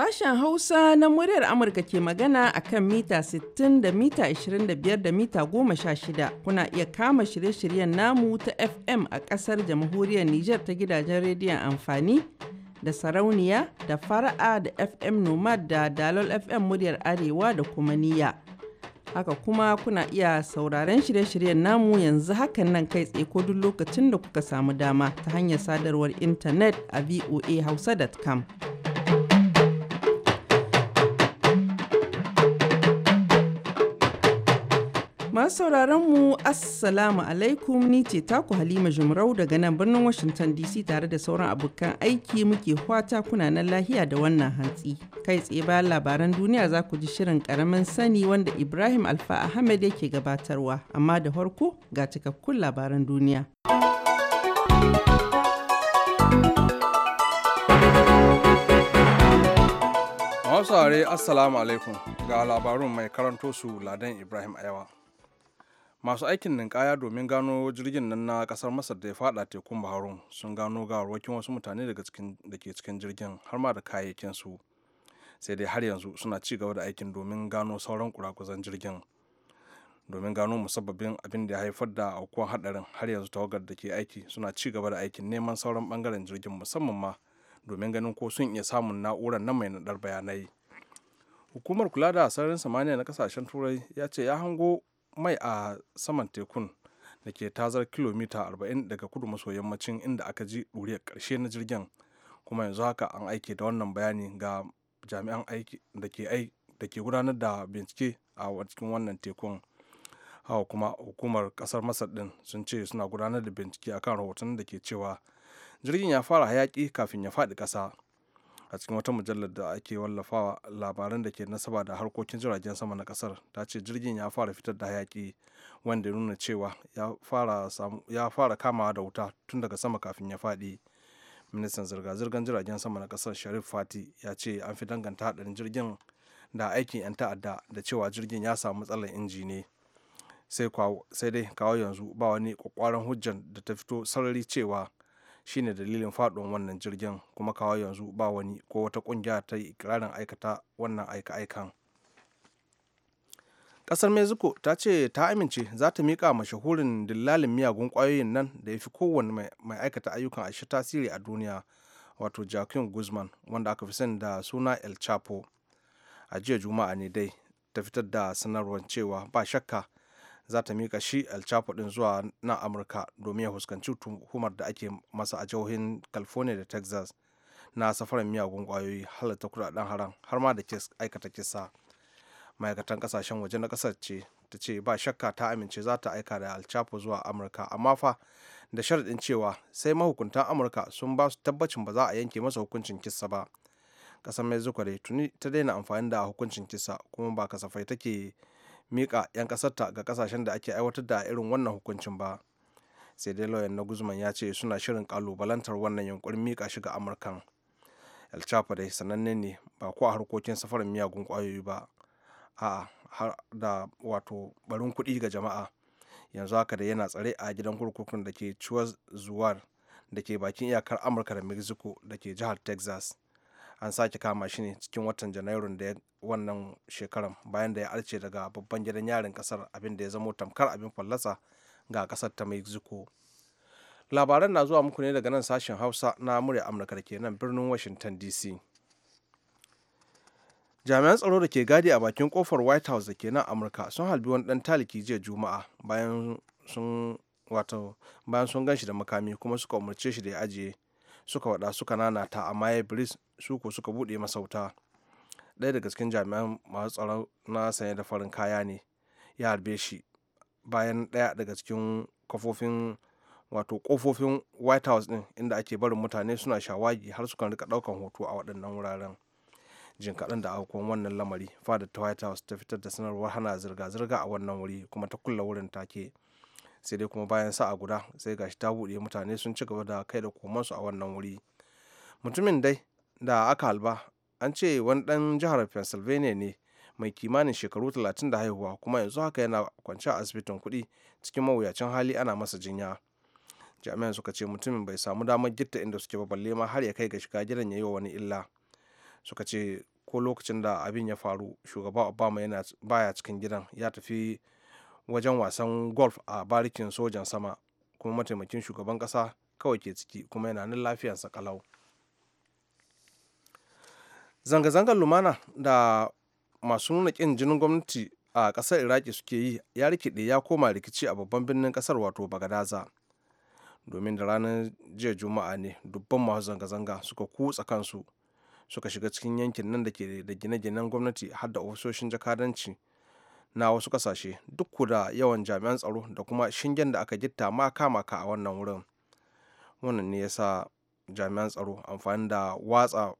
Sashen Hausa na muryar Amurka ke magana a kan mita 60 da mita 25 da mita 16. Kuna iya kama shirye-shiryen namu ta FM a ƙasar jamhuriyar Nijar ta gidajen rediyon amfani da sarauniya da fara'a da FM Nomad da Dalol FM muryar Arewa da kuma niyya. Haka kuma kuna iya sauraron shirye-shiryen namu yanzu hakan nan kai tsaye ko duk lokacin da kuka samu dama ta hanyar sadarwar intanet a voahausa.com. Masu sauraron mu Assalamu alaikum ni ce taku Halima Jumrau daga nan birnin Washington DC tare da sauran abokan aiki muke kwata kuna nan lahiya da wannan hantsi. Kai tsaye bayan labaran duniya za ku ji shirin karamin sani wanda Ibrahim Alfa Ahmed yake gabatarwa amma da farko ga cikakkun labaran duniya. Masu Assalamu alaikum ga labarun mai karanto su Ladan Ibrahim Ayawa. masu aikin ninkaya domin gano jirgin nan na kasar masar da ya fada tekun baharun sun gano gawarwakin wasu mutane da ke cikin jirgin har ma da kayayyakin sai dai har yanzu suna ci gaba da aikin domin gano sauran kurakuzan jirgin domin gano musabbabin abin da ya haifar da aukuwan hadarin har yanzu tawagar da ke aiki suna ci gaba da aikin neman sauran bangaren jirgin musamman ma domin ganin ko sun iya samun na'urar na mai naɗar bayanai hukumar kula da sararin samaniya na kasashen turai ya ce ya hango mai a saman tekun da ke tazar kilomita 40 daga kudu maso yammacin inda aka ji ɗuriyar ƙarshe na jirgin kuma yanzu haka an aike da wannan bayani ga jami'an aiki da ke gudanar da bincike a cikin wannan tekun hawa kuma hukumar kasar masar din sun ce suna gudanar da bincike akan rahoton da ke cewa jirgin ya fara hayaki kafin ya faɗi ƙasa a cikin wata mujallar da ake wallafawa labaran da ke nasaba da harkokin jiragen sama na kasar ta ce jirgin ya fara fitar da hayaki wanda ya nuna cewa ya fara kamawa da wuta tun daga sama kafin ya faɗi ministan zirga-zirgar jiragen sama na kasar sharif fati ya ce an fi danganta hadarin jirgin da aikin 'yan ta'adda da cewa jirgin ya samu matsalar inji ne sai dai kawo yanzu ba wani kwakwaran hujjar da ta fito sarari cewa shine dalilin faɗin wannan jirgin kuma kawo yanzu ba wani ko wata ƙungiya ta yi ikirarin aikata wannan aika-aikan ƙasar mexico ta ce ta amince za ta miƙa mashahurin dillalin miyagun ƙwayoyin nan da ya fi kowane mai aikata ayyukan ashe tasiri a duniya wato jakin guzman wanda aka fi sani da suna el chapo a jiya juma'a ne dai ta fitar da sanarwar cewa ba shakka za ta mika shi alchapo din zuwa na amurka domin ya fuskanci tuhumar da ake masa a jihohin california da texas na safarin miyagun kwayoyi halatta kudaden haram har ma da aikata kisa ma'aikatan kasashen waje na kasar ce ta ce ba shakka ta amince za ta aika da alchapo zuwa amurka amma fa da sharaɗin cewa sai mahukuntan amurka sun ba su tabbacin ba za a yanke masa hukuncin kisa ba ƙasar mexico zukare tuni ta daina amfani da hukuncin kisa kuma ba kasafai take mika 'yan kasarta ga kasashen da ake aiwatar da irin wannan hukuncin ba sai dai lauyan na guzman ya ce suna shirin kalubalantar wannan yunkurin mika shi ga amurkan el chapo dai sananne ne ba ko a harkokin safarin miyagun kwayoyi ba a har da wato barin kuɗi ga jama'a yanzu haka da yana tsare a gidan kurkukun da ke chuwa zuwar da ke bakin iyakar amurka da mexico da ke jihar texas an sake kama shi ne cikin watan janairun da wannan shekaran bayan da ya arce daga babban gidan yarin kasar abin da ya zamo tamkar abin fallasa ga kasar ta mexico labaran na zuwa muku ne daga nan sashen hausa na murya amurka da ke nan birnin washington dc jami'an tsaro da ke gadi a bakin kofar white house da ke nan amurka sun halbi wani dan taliki jiya juma'a bayan sun wato bayan sun gan shi da makami kuma suka umarce shi da ya ajiye suka wada suka nanata amma ya bris su ko suka buɗe masauta ɗaya daga cikin jami'an masu tsaro na sanye da farin kaya ne ya harbe shi bayan ɗaya daga cikin kafofin wato kofofin white house din inda ake barin mutane suna shawagi har suka rika ɗaukan hoto a waɗannan wuraren jin kaɗan da aukuwan wannan lamari fadar ta white house ta fitar da sanarwar hana zirga-zirga a wannan wuri kuma ta kulle wurin take sai dai kuma bayan sa'a guda sai gashi ta buɗe mutane sun ci gaba da kai da komansu a wannan wuri mutumin dai da aka halba an ce wani ɗan jihar pennsylvania ne mai kimanin shekaru 30 da haihuwa kuma yanzu haka yana kwance a asibitin kuɗi cikin mawuyacin hali ana masa jinya jami'an suka ce mutumin bai samu damar gitta inda suke ba balle ma har ya kai ga shiga gidan ya yi wa wani illa suka ce ko lokacin da abin ya faru shugaba obama yana baya cikin gidan ya tafi wajen wasan golf a barikin sojan sama kuma mataimakin shugaban kasa kawai ke ciki kuma yana nan lafiyarsa kalau zanga-zangar lumana da masu nuna kin jinin gwamnati a kasar iraki suke yi ya rikide ya koma rikici a babban birnin kasar wato bagadaza domin da ranar jiya juma'a ne dubban masu zanga-zanga suka kutsa kansu suka shiga cikin yankin nan da ke da gine-ginen gwamnati har da ofisoshin jakadanci na wasu kasashe duk da yawan jami'an tsaro da kuma shingen da aka gitta ma kama ka a wannan wurin wannan ne yasa jami'an tsaro amfani da watsa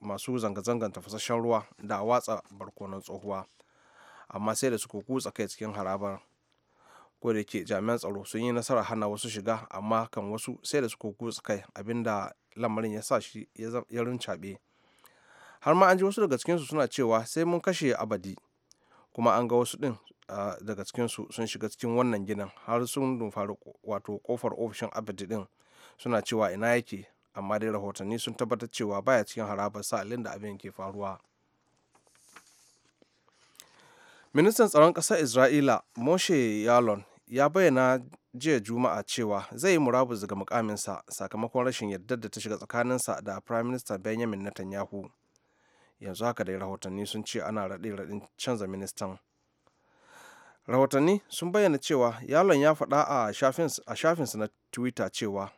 masu zanga-zangar tafasasshen ruwa da watsa barkonon tsohuwa amma sai da suka kutsa kai cikin harabar ko da ke jami'an tsaro sun yi nasarar hana wasu shiga amma kan wasu sai da suka kutsa kai abinda lamarin ya sa shi ya rincaɓe har ma an ji wasu daga cikinsu suna cewa sai mun kashe abadi kuma an ga wasu din ah, daga cikinsu sun shiga cikin wannan ginin har sun dumfari wato kofar ofishin abidi din suna cewa ina yake amma dai rahotanni sun tabbatar cewa baya cikin harabar sa'alin da abin ke faruwa ministan tsaron ƙasar isra'ila moshe yalon ya bayyana jiya juma'a cewa zai yi murabus daga mukaminsa sakamakon rashin yardar da ta shiga tsakaninsa da prime minister benjamin netanyahu yanzu haka dai rahotanni sun ce ana raɗe-raɗin canza ministan rahotanni sun bayyana cewa yalon ya faɗa a shafinsa na twitter cewa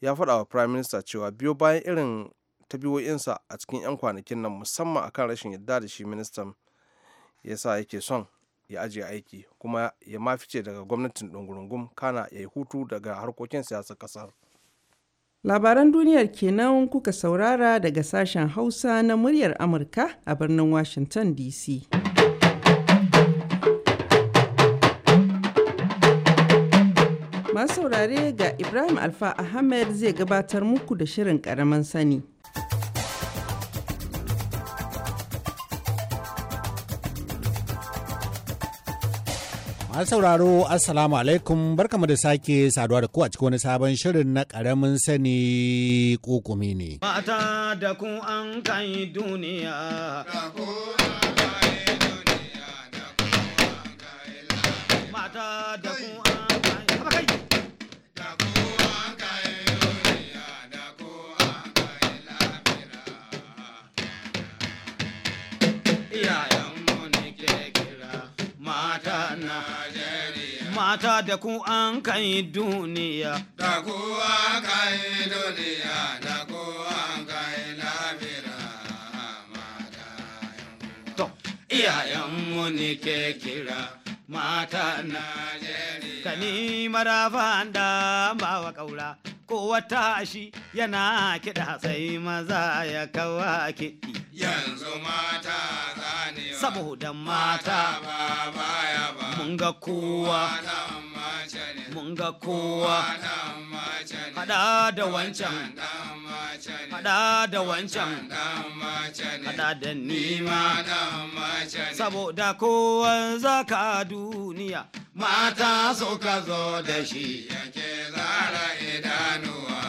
ya faɗa wa prime minister cewa biyo bayan irin tabiwoyinsa a cikin 'yan kwanakin nan musamman akan rashin yadda da shi ministan ya sa yake son ya ajiye aiki kuma ya mafice daga gwamnatin ɗungurungum kana ya yi hutu daga harkokin siyasar ƙasar Labaran duniyar kenan kuka saurara daga sashen Hausa na muryar Amurka a birnin Washington DC. Masu saurare ga Ibrahim Alfa Ahmed zai gabatar muku da shirin ƙaramin sani. Masu sauraro Assalamu alaikum barkamu da sake saduwa da ku a cikin wani sabon shirin na ƙaramin sani kokumi ne. Mata da ku an kai duniya. Mata da ku an da ku an kai duniya. Da ku an kai duniya, da ku an kai lamira mata To, iyayenmu ne ke kira mata Najeriya. Kani marafan da bawa ƙaura. Kowa tashi yana kiɗa sai maza ya kawa kiɗi. Yanzu mata zaniwa, Saboda mata. Mata ba baya ba. Mun ga kowa. mun ga kowa hada da wancan hada da wancan hada da nima saboda kowa zaka duniya mata ka zo da shi yake zara idanuwa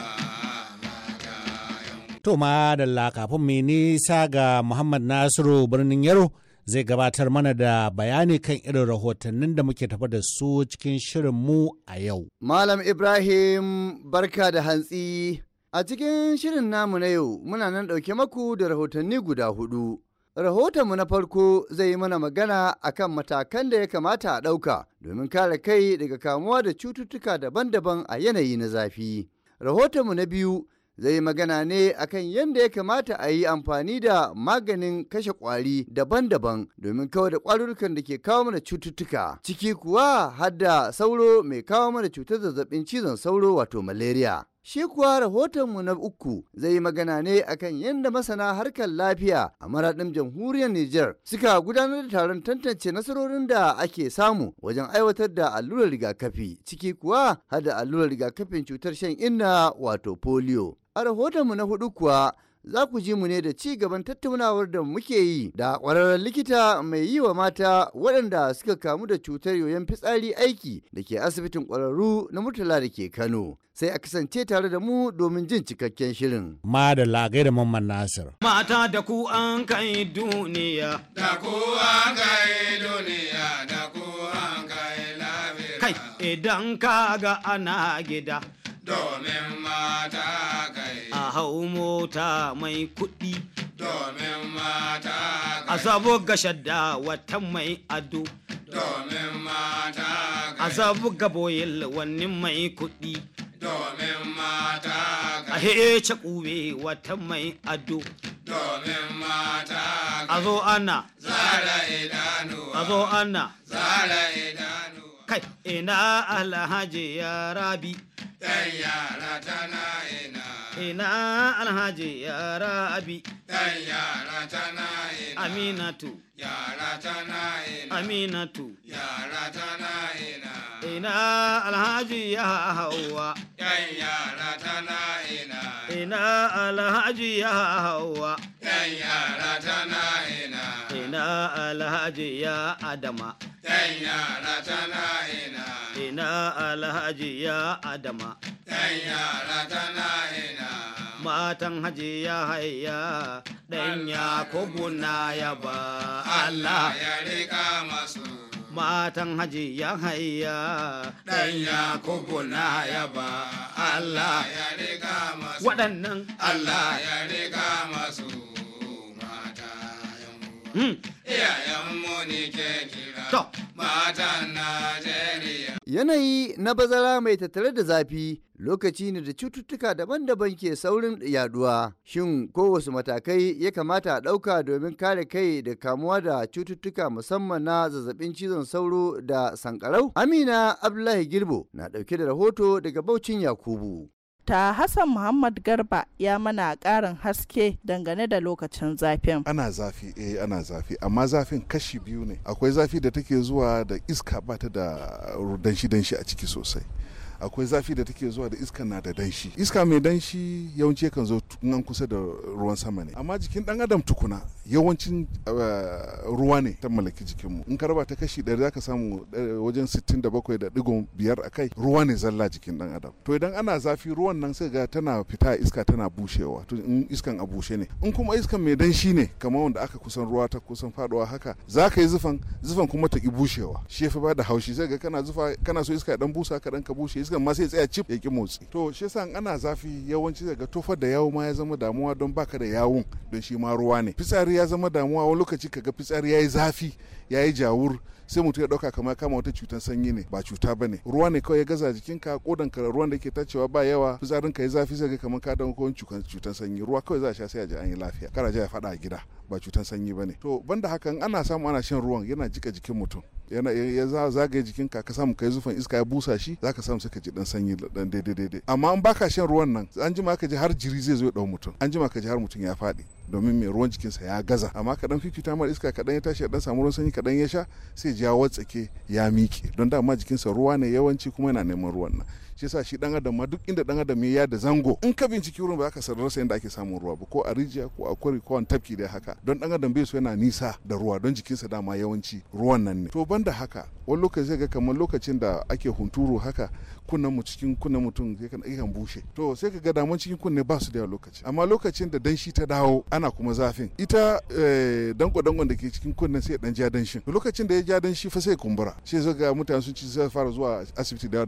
To ma da kafin mai nisa ga Muhammad Nasiru birnin Yaro zai gabatar mana da bayani kan irin rahotannin da muke tafa da su cikin shirin mu a yau. Malam Ibrahim barka da hantsi. A cikin shirin namu na yau muna nan ɗauke maku da rahotanni guda hudu. Rahotonmu na farko zai yi mana magana a kan matakan da ya kamata a ɗauka domin kare kai daga kamuwa da cututtuka daban-daban a yanayi na zafi. Rahotonmu na biyu zai magana ne akan yadda ya kamata a yi amfani da maganin kashe kwari daban-daban domin kawar da kwarurukan da ke kawo mana cututtuka ciki kuwa har sauro mai kawo mana cutar zazzabin cizon sauro wato malaria Shi kuwa rahotonmu na uku zai yi magana ne akan yadda masana harkar lafiya a maraɗin jamhuriyar Nijar suka gudanar da taron tantance nasarorin da ake samu wajen aiwatar da allurar rigakafi ciki kuwa hada allurar rigakafin cutar shan inna wato polio. A rahotonmu na hudu kuwa za ku ji mu ne da ci gaban tattaunawar da muke yi da ƙwararren likita mai yi wa mata waɗanda suka kamu da cutar yoyon fitsari aiki da ke asibitin ƙwararru na murtala da ke Kano. Sai a kasance tare da mu domin jin cikakken shirin. Ma da lagai da mamman Nasir. Mata da ku an kai duniya. Da ku an kai duniya da ku an kai lafiya. Kai idan ka ga ana gida. Domin mata kai hau mota mai kuɗi. Domin mata A sabu ga da watan mai ado. Domin mata A sabu gaboyin wani mai kuɗi. Domin mata A hece kube watan mai ado. Domin mata A zo ana. Zara idanu. A zo ana. Zara idanu. kai ina alhaji ya rabi ɗan yara tana ina ina alhaji yara abi dan yara tana ina aminatu yara tana ina aminatu yara tana ina ina alhaji ya hawa dan yara tana ina ina alhaji ya hawa dan yara tana ina ina alhaji ya adama dan yara tana ina ina alhaji ya adama dan yara tana ina matan haji ya hayya dan ya kubuna ya ba Allah ya rika masu matan haji ya hayya dan ya kubuna ya ba Allah ya rika masu waɗannan Allah ya rika masu Hmm. Yanayi na bazara mai tattare da zafi lokaci ne da cututtuka daban-daban ke saurin yaduwa. Shin kowace matakai ya kamata a ɗauka domin kare kai da kamuwa da cututtuka musamman na zazzabin cizon sauro da sankarau? Amina Abdullahi Girbo na ɗauke da rahoto daga Baucin Yakubu. ta Hassan Muhammad Garba ya mana ƙarin haske dangane da lokacin zafin. Ana zafi, eh ana zafi, amma zafin kashi biyu ne. Akwai zafi da take zuwa da iska ba ta da danshi-danshi a ciki sosai. akwai zafi da take zuwa da iska na da danshi iska mai danshi yawanci yakan zo nan kusa da ruwan sama ne amma jikin dan adam tukuna yawancin eh, ruwa ne ta mallaki jikinmu in ka raba ta kashi ɗari zaka samu eh, wajen sittin da bakwai da digon biyar a kai ruwa ne zalla jikin dan adam to idan ana zafi ruwan nan sai ga tana fita iska tana bushewa to in iskan a bushe ne in kuma iskan mai danshi ne kamar wanda aka kusan ruwa ta kusan faduwa haka zaka yi zufan zufan kuma ta ki bushewa shi fa ba da haushi sai ga kana zufa kana so iska dan busa ka dan ka bushe iskan ma sai tsaya cip ya ki motsi to shi yasa ana zafi yawanci daga tofar da yawo ma ya zama damuwa don baka da yawun don shi ma ruwa ne fitsari ya zama damuwa wani lokaci ga fitsari yayi zafi yayi jawur sai mutum ya dauka kamar kama wata cutar sanyi ne ba cuta bane ruwa ne kawai ya gaza jikinka kodan ka ruwan da ke tacewa ba yawa fitsarin ka yi zafi sai ga kamar ka dan ko cutar sanyi ruwa kawai za a sha sai a ji an yi lafiya kar ya fada a gida ba cutar sanyi bane to banda hakan ana samu ana shan ruwan yana jika jikin mutum yana ya za zagaye jikin ka ka samu kai zufan iska ya busa shi za ka samu sai ka ji dan sanyi dan daidai daidai amma an baka shan ruwan nan an jima ka ji har jiri zai zo ya dau mutum an jima ka ji har mutum ya faɗi domin mai ruwan jikinsa ya gaza amma kaɗan fifita mara iska kaɗan ya tashi ya ɗan samu ruwan sanyi kaɗan ya sha sai ji ya watsake ya miƙe don dama jikinsa ruwa ne yawanci kuma yana neman ruwan nan shi yasa shi dan adam ma duk inda dan adam ya da zango in ka binciki wurin ba za ka rasa yadda ake samun ruwa ba ko a rijiya ko a kwari ko a tafki da haka don dan adam bai so yana nisa da ruwa don jikinsa dama yawanci ruwan nan ne to banda haka wani lokaci zai ga kamar lokacin da ake hunturu haka kunnen mu cikin kunnen mutum kan bushe to sai ka ga damun cikin kunne ba su da lokaci amma lokacin da danshi ta dawo ana kuma zafin ita danko eh, dangon da ke cikin kunnen sai dan ja danshin lokacin da ya ja danshi fa sai kumbura sai zai ga mutane sun ci sai fara zuwa asibiti da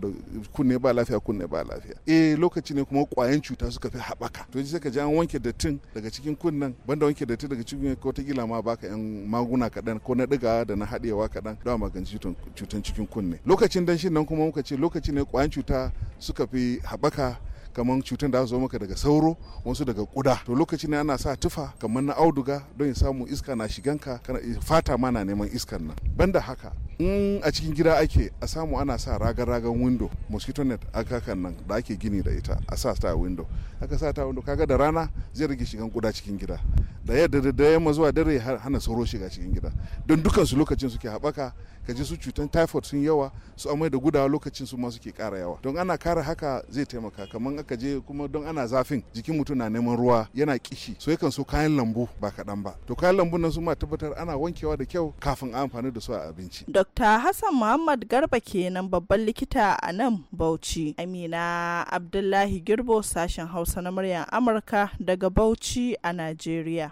kunne ba lafiya kunne ba lafiya eh lokaci ne kuma kwayan cuta suka fi haɓaka to sai ka ji an wanke dattin daga cikin kunnen banda wanke dattin daga cikin ko ta gila ma baka yan maguna kaɗan ko na ɗiga da na haɗewa kaɗan don magance cutan cikin kunne lokacin danshin nan kuma muka ce lokaci ne kwayan cuta suka fi haɓaka kamar cutar da zo maka daga sauro wasu daga kuda to lokacin ne ana sa tufa kamar na auduga don ya samu iska na shiganka kana fata ma neman iskan nan banda haka in a cikin gida ake a samu ana sa ragar ragan window mosquito net akakan nan da ake gini da ita a sa ta window aka sa ta window kaga da rana zai rage shigan kuda cikin gida da yadda da yamma zuwa dare hana sauro shiga cikin gida don dukansu lokacin suke haɓaka ka ji su cutan typhoid sun yawa su amai da gudawa lokacin su ma suke kara yawa don ana kara haka zai taimaka kamar aka je kuma don ana zafin jikin mutum na neman ruwa yana kishi so yakan so kayan lambu ba kaɗan ba to kayan lambun nan su ma tabbatar ana wankewa da kyau kafin a amfani da su a abinci. Dr. Hassan Muhammad Garba kenan babban likita a nan Bauchi. Amina Abdullahi Girbo sashen Hausa na muryar Amurka daga Bauchi a Najeriya.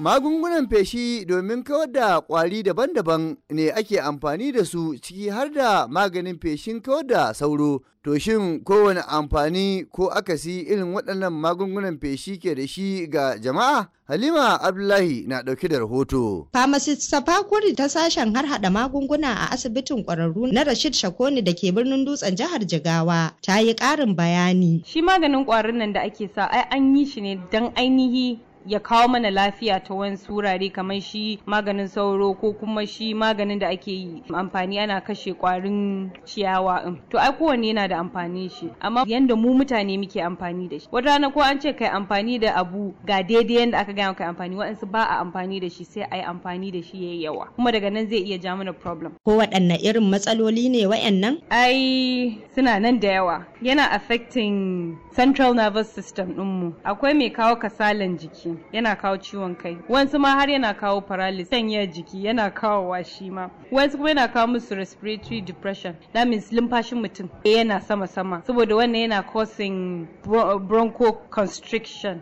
Magungunan feshi domin kawar da ƙwari daban-daban ne ake amfani da su ciki har da maganin feshin kawar da sauro. To shin kowane amfani ko aka akasi irin waɗannan magungunan feshi ke da shi ga jama'a? Halima Abdullahi na ɗauki da rahoto. Pharmacist Safakuri ta sashen har hada magunguna a asibitin ƙwararru na Rashid Shakoni da ke birnin dutsen jihar Jigawa ta yi ƙarin bayani. Shi maganin ƙwarin nan da ake sa ai an yi shi ne don ainihi ya kawo mana lafiya ta wani surare kamar shi maganin sauro ko kuma shi maganin da ake yi amfani ana kashe kwarin ciyawa to ai kowanne yana da amfanin shi amma yanda mu mutane muke amfani da shi wata rana ko an ce kai amfani da abu ga daidai yanda aka gaya kai amfani wa'ansu ba a amfani da shi sai ai amfani da shi yayi yawa kuma daga nan zai iya ja mana problem ko waɗanne irin matsaloli ne wa'annan ai suna nan da yawa yana affecting central nervous system ɗinmu akwai mai kawo kasalan jiki jikin yana kawo ciwon kai wasu ma har yana kawo paralysis sanya jiki yana kawowa shi ma wasu kuma yana kawo musu respiratory depression that means lumfashin mutum eh, yana sama sama saboda wannan yana causing bronchoconstriction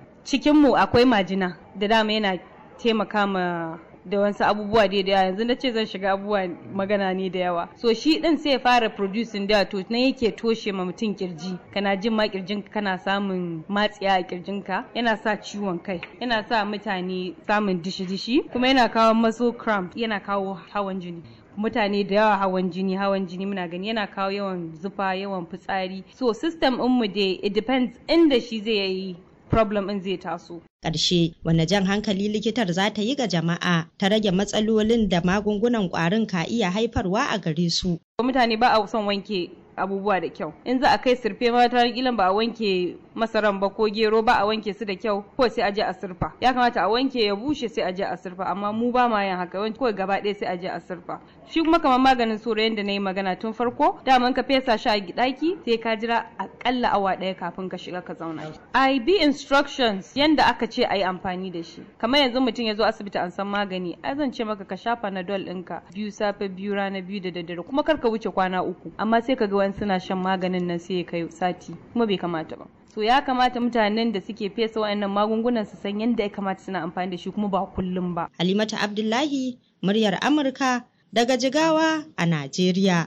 mu akwai majina da dama yana taimaka ma da wasu abubuwa dai da yanzu na ce zan shiga abubuwa magana ne da yawa so shi din sai ya fara producing da to na yake toshe ma mutum kirji kana jin ma kirjin kana samun matsiya a ka yana sa ciwon kai yana sa mutane samun dishi-dishi kuma yana kawo muscle cramp yana kawo hawan jini mutane da yawa hawan jini hawan jini muna gani yana kawo yawan zufa yawan fitsari so system mu dai it depends inda shi zai yi problem in zai taso Ƙarshe, wanne jan hankali likitar za ta yi ga jama'a ta rage matsalolin da magungunan ƙwarin ka iya haifarwa a gare su. Mutane ba a son wanke abubuwa da kyau in za a kai sirfe ma ta kilan ba a wanke masaran ba ko gero ba a wanke su da kyau ko sai a je a sirfa ya kamata a wanke ya bushe sai a je a sirfa amma mu ba ma yin haka ko gaba ɗaya sai a je a sirfa shi kuma kamar maganin soro da na yi magana tun farko daman ka fesa shi a gidaki sai ka jira akalla awa ɗaya kafin ka shiga ka zauna I be instructions yanda aka ce a yi amfani da shi kamar yanzu mutum ya zo asibiti an san magani ai zan ce maka ka sha fanadol ɗinka biyu safe biyu rana biyu da daddare kuma kar ka wuce kwana uku amma sai ka ga wani suna shan maganin nan sai ya kai sati kuma bai kamata ba to ya kamata mutanen da suke fesa waɗannan magungunan su san yanda ya kamata suna amfani da shi kuma ba kullum ba halimata abdullahi muryar amurka daga Jigawa a Najeriya.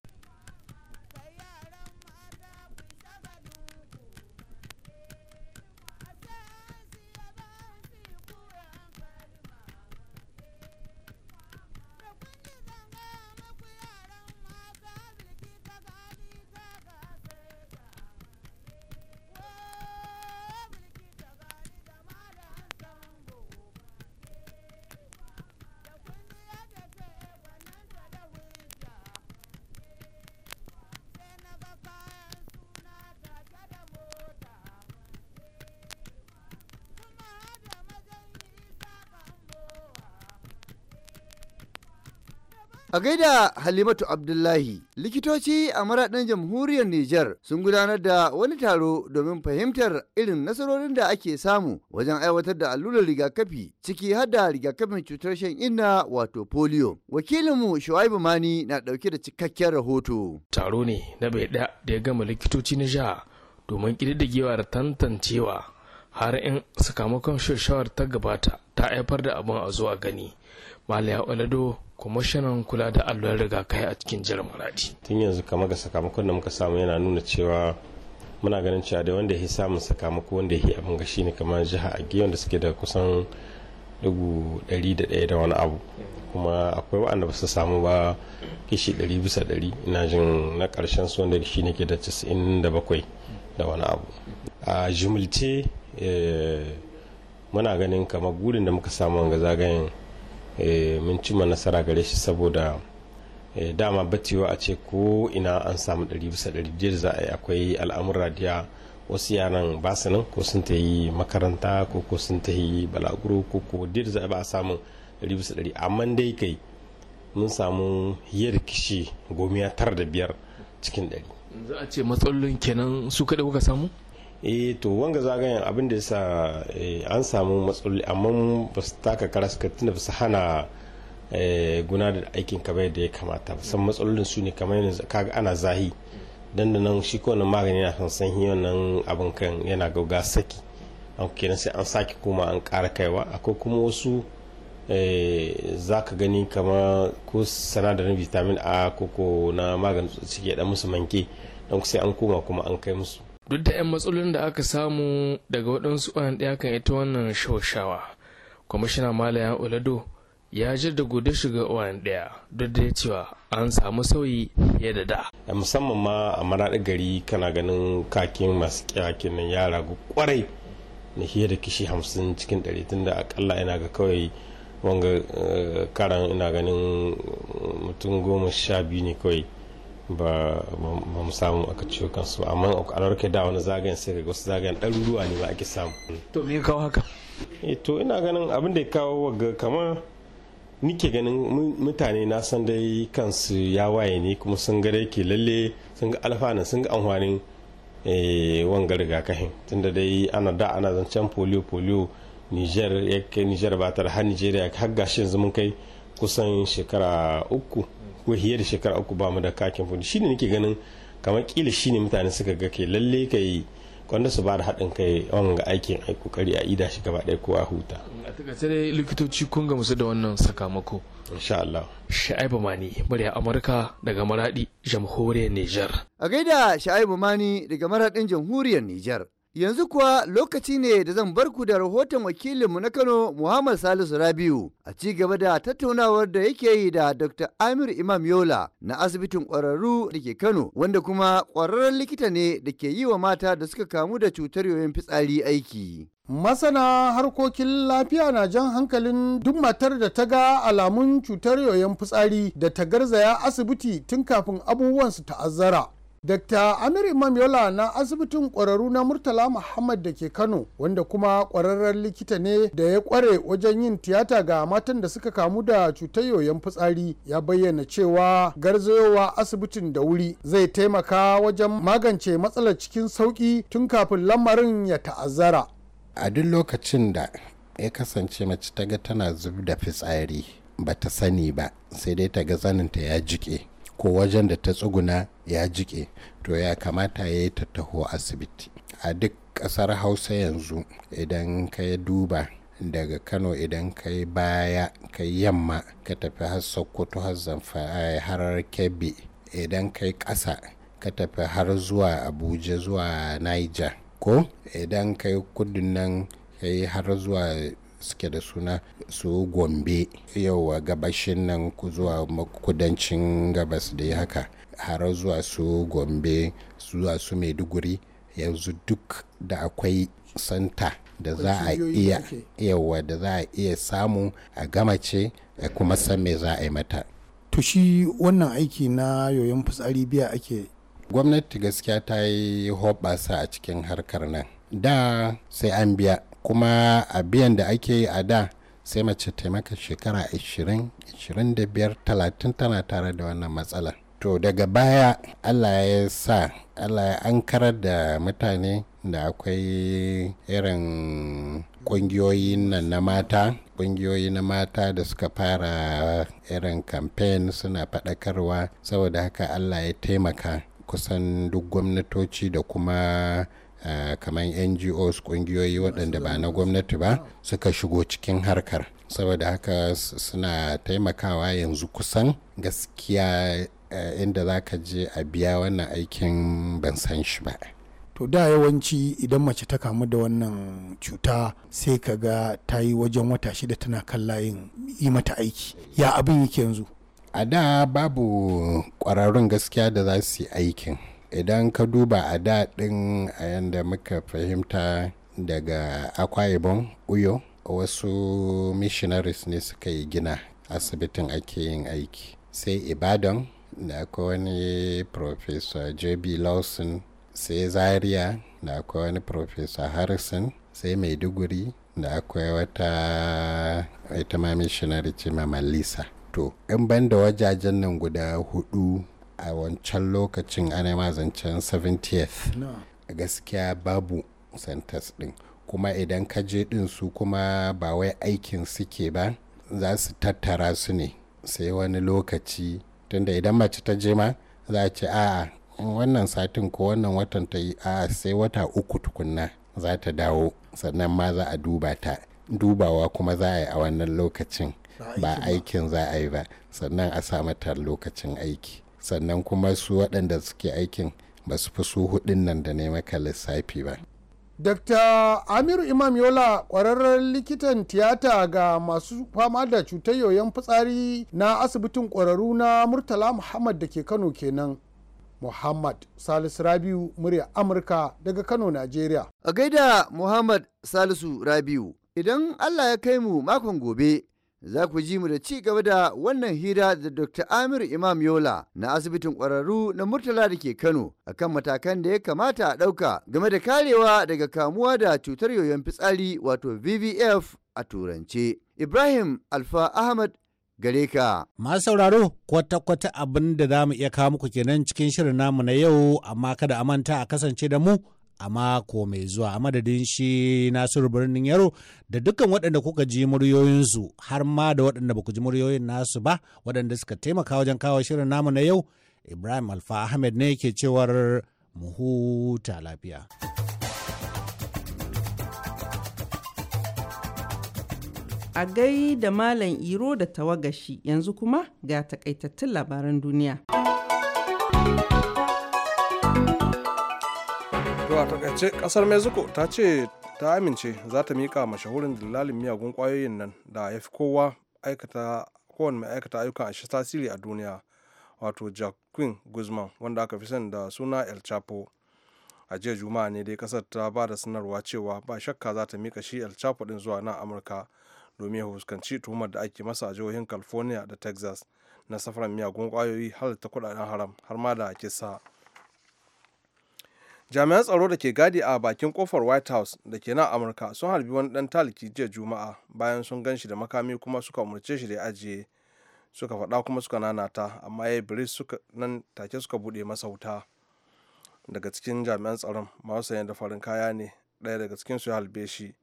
A gaida Halimatu Abdullahi, likitoci a maraɗin jamhuriyar Nijar sun gudanar da wani taro domin fahimtar irin nasarorin da ake samu wajen aiwatar da allurar rigakafi ciki har da rigakafin cutar shan inna wato polio. Wakilinmu Shu'aibu Mani na ɗauke da cikakken rahoto. Taro ne na bai da ya gama likitoci na jiha domin ƙididdigewa da tantancewa har in sakamakon shawar ta gabata ta haifar da abin a zuwa gani. Malaya Olado kwamishinan kula da allon rigakai a cikin jihar maradi tun yanzu kama ga sakamakon da muka samu yana nuna cewa muna ganin cewa da wanda ya samun sakamako wanda ya abin ga shine kamar jiha a wanda suke da kusan dubu ɗari da ɗaya da wani abu kuma akwai waɗanda ba su samu ba kishi ɗari bisa ɗari ina jin na ƙarshen su wanda shi ne ke da casa'in da bakwai da wani abu a jimilce eh, muna ganin kamar gurin da muka samu wanga zagayen Eh, mun cimma nasara gare shi saboda eh, dama bacewa a ce ko ina an samu ɗari bisa ɗari biyar za a yi akwai al'amura da wasu yaran ba su nan ko sun ta yi makaranta ko ko sun ta yi balaguro ko ko duk za a ba a samun ɗari bisa ɗari amma dai kai mun samu hiyar kishi gomiya tara da biyar cikin ɗari za a ce matsalolin kenan su kada kuka samu e to wanga zagayen abin da yasa eh, an samu matsaloli amma ba su taka kara suka tuna su hana eh, guna da aikin kamar da ya kamata san matsalolin su ne kamar yanzu kaga ana zahi dan da nan shi kowane magani yana san hiyon nan abin kan yana gauga saki an kenan sai an saki kuma an kara kaiwa akwai kuma wasu za ka gani kama ko sanadarin vitamin a ko na maganin ciki ya dan musu manke don sai an koma kuma an kai musu duk da 'yan matsalolin da aka samu daga waɗansu ɓan ɗaya kan ita wannan shaushawa kwamishina malayan olado ya da gode shiga ɓan ɗaya duk da cewa an samu sauyi fiye da da musamman ma a maraɗi gari kana ganin kakin masu kyakin nan ya ragu kwarai na fiye da kishi hamsin cikin ɗari tunda akalla ina ga kawai wanga eh, karan ina ganin mm, mutum goma sha biyu ne kawai ba mu samu aka ciwo kansu ba amma a rarke da wani zagayen sai ga wasu zagayen ɗaruruwa ne ba ake samu to me kawo haka eh, to ina ganin abin da ya kawo ga kamar nike ganin mutane na san dai kansu ya waye ne kuma sun ga dai ke lalle sun ga alfanun sun ga amfanin eh, wanga rigakafin tunda dai ana da ana zancen polio polio niger ya kai niger ba ta har nigeria har kai kusan shekara uku ko wahiyar da shekara uku ba mu da kakin fundi shine nake ganin kamar kila shine mutane suka ga ke lalle kai wanda su ba da haɗin kai wanga aikin ai kokari a ida shi gaba ɗaya ko a huta a takaice dai likitoci kun ga musu da wannan sakamako insha Allah Sha'ibu Mani murya Amurka daga Maradi jamhuriyar Niger a gaida Sha'ibu Mani daga maraɗin jamhuriyar Nijar. Yanzu kuwa lokaci ne da zan bar ku da rahoton wakilinmu na Kano Muhammad Salisu Rabiu a ci gaba da tattaunawar da yake yi da Dr. Amir Imam Yola na asibitin ƙwararru da ke Kano wanda kuma ƙwararren likita ne da ke yi wa mata da suka kamu da cutar yoyon fitsari aiki. Masana harkokin lafiya na jan hankalin duk matar da ta ga alamun cutar yoyon fitsari da ta garzaya asibiti tun kafin abubuwan su ta'azzara. Dr. Amir Imam Yola na asibitin ƙwararru na Murtala Muhammad da ke Kano wanda kuma ƙwararren likita ne da ya ƙware wajen yin tiyata ga matan da suka kamu da cutar yoyon fitsari ya bayyana cewa garzayowa asibitin da wuri zai taimaka wajen magance matsalar cikin sauƙi tun kafin lamarin ya ta'azzara. A duk lokacin da ya kasance mace ta ga tana zub da fitsari ba ta sani ba sai dai ta ga zaninta ya jike. ko wajen da ta tsuguna ya jike to ya kamata ya yi ta taho asibiti a duk ƙasar hausa yanzu idan ka duba daga kano idan ka yi baya ka yi yamma ka tafi har sokoto har zamfara eh, har kebbi idan ka yi ƙasa ka tafi har zuwa abuja zuwa niger ko idan ka yi kudin nan ka yi har zuwa suke da suna su gombe yauwa gabashin nan zuwa kudancin gabas da haka har zuwa su gombe zuwa su maiduguri yanzu duk da akwai santa da za a iya yawa da za a iya samu a gamace a kuma san me za a yi mata to shi wannan aiki na yoyon fitsari biya ake gwamnati gaskiya ta yi hoɓasa a cikin harkar nan da sai an biya kuma a biyan da ake yi a da sai mace taimaka shekara 20 25 30 tana tare da wannan matsalar to daga baya allah ya sa allah ya ankarar da mutane da akwai irin kungiyoyi nan na mata kungiyoyi na mata da suka fara irin kamfen suna faɗakarwa saboda haka allah ya taimaka kusan duk gwamnatoci da kuma Eh, kamar ngos kungiyoyi waɗanda ba na gwamnati ba suka shigo cikin harkar saboda haka suna taimakawa yanzu kusan gaskiya eh, inda za ka je a biya wannan aikin ban san shi ba to da yawanci idan mace ta kamu da wannan cuta sai ka ga ta yi wajen wata shida tana kan layin yi mata aiki ya abin yake yanzu a da babu ƙwararrun gaskiya da za su yi aikin idan ka duba a daɗin a yadda muka fahimta daga akwa uyo wasu missionaries ne suka yi gina asibitin ake yin aiki sai ibadan da akwai wani professor j.b. lawson sai zaria da akwai wani professor harrison sai maiduguri da akwai wata ita ma missionary ce mama lisa to in banda wajajen nan guda hudu a wancan lokacin ana ma zancen 70th a gaskiya babu centers din kuma idan ka je din su kuma ba wai aikin suke ba za su tattara su ne sai wani lokaci tunda idan mace ta je ma za a ce a'a wannan satin ko wannan watan ta yi a'a sai wata uku tukunna za ta dawo sannan ma za a duba ta dubawa kuma za a yi a wannan lokacin ba aikin za a yi ba sannan a sa mata lokacin aiki sannan kuma su waɗanda suke aikin ba su fi su hudun nan da ne maka lissafi ba Dr. Amiru Imam Yola kwararren likitan tiyata ga masu fama da cutar yoyon fitsari na asibitin kwararru na Murtala Muhammad da ke Kano kenan. Muhammad Salisu Rabiu murya Amurka daga Kano, Najeriya. A gaida Muhammad Salisu Rabiu, idan Allah ya kai mu makon gobe za ku ji mu da ci gaba da wannan hira da Dr. Amir Imam Yola na asibitin ƙwararru na Murtala da ke Kano akan matakan da ya kamata a ɗauka game da karewa daga kamuwa da cutar yoyon fitsari wato VVF a turance. Ibrahim Alfa Ahmad gare ka. Masu sauraro kwata-kwata abin da za mu iya kawo muku kenan cikin shirin namu na yau amma kada a manta a kasance da mu a mako mai zuwa a madadin shi nasiru birnin yaro da dukkan waɗanda kuka ji muryoyinsu har ma da waɗanda ba ku ji muryoyin nasu ba waɗanda suka taimaka wajen kawo shirin namu na yau ibrahim alfa ahmed ne ke cewar mu huta lafiya. a gai da Malam Iro da tawagashi yanzu kuma ga takaitattun labaran duniya. to a takaice kasar mexico ta ce ta amince za ta mika mashahurin dillalin miyagun kwayoyin nan da ya fi kowa aikata kowane mai aikata ayyukan ashe tasiri a duniya wato jacquin guzman wanda aka fi sani da suna el chapo a jiya juma'a ne dai kasar ta ba da sanarwa cewa ba shakka za ta mika shi el chapo din zuwa nan amurka domin ya fuskanci tuhumar da ake masa a jihohin california da texas na safaran miyagun kwayoyi ta kudaden haram har ma da kisa jami'an tsaro da ke gadi a bakin kofar white house da ke nan amurka sun harbi wani dan taliki jiya juma'a bayan sun gan shi da makami kuma suka umarce shi da ajiye suka faɗa kuma suka nanata amma ya yi suka nan take suka buɗe masa wuta daga cikin jami'an tsaron masu sanya da farin kaya ne daya daga cikin su ya halbe shi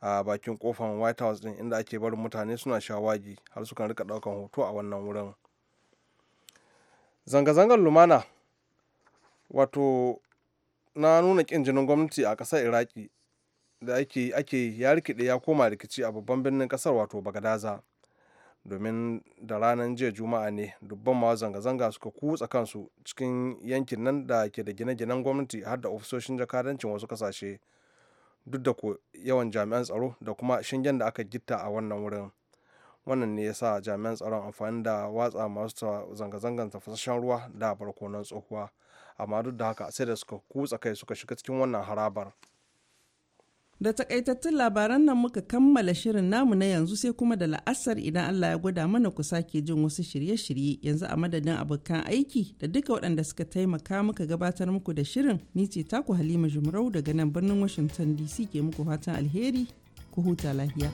a bakin kofar white house din inda ake barin mutane suna shawagi har suka rika ɗaukan hoto a wannan wurin zanga-zangar lumana wato na nuna ƙin jinin gwamnati a ƙasar iraki da ake yi ya rikide ya koma rikici a babban birnin ƙasar wato bagadaza domin da ranar jiya juma'a ne dubban mawa zanga-zanga suka kutsa kansu cikin yankin nan da ke da gine-ginen gwamnati har da ofisoshin jakadancin wasu kasashe duk da yawan jami'an tsaro da kuma shingen da aka gitta a wannan wurin wannan ne ya sa jami'an tsaron amfani da watsa masu zanga-zangar tafasashen ruwa da barkonon tsohuwa amma duk da haka sai da suka kutsa kai suka shiga cikin wannan harabar da takaitattun labaran nan muka kammala shirin namu na yanzu sai kuma da la'asar idan Allah ya gwada mana ku sake jin wasu shirye-shirye yanzu a madadin abokan aiki da duka waɗanda suka taimaka muka gabatar muku da shirin ni ce taku halima jumrau daga nan birnin washington dc ke muku fatan alheri ku huta lahiya.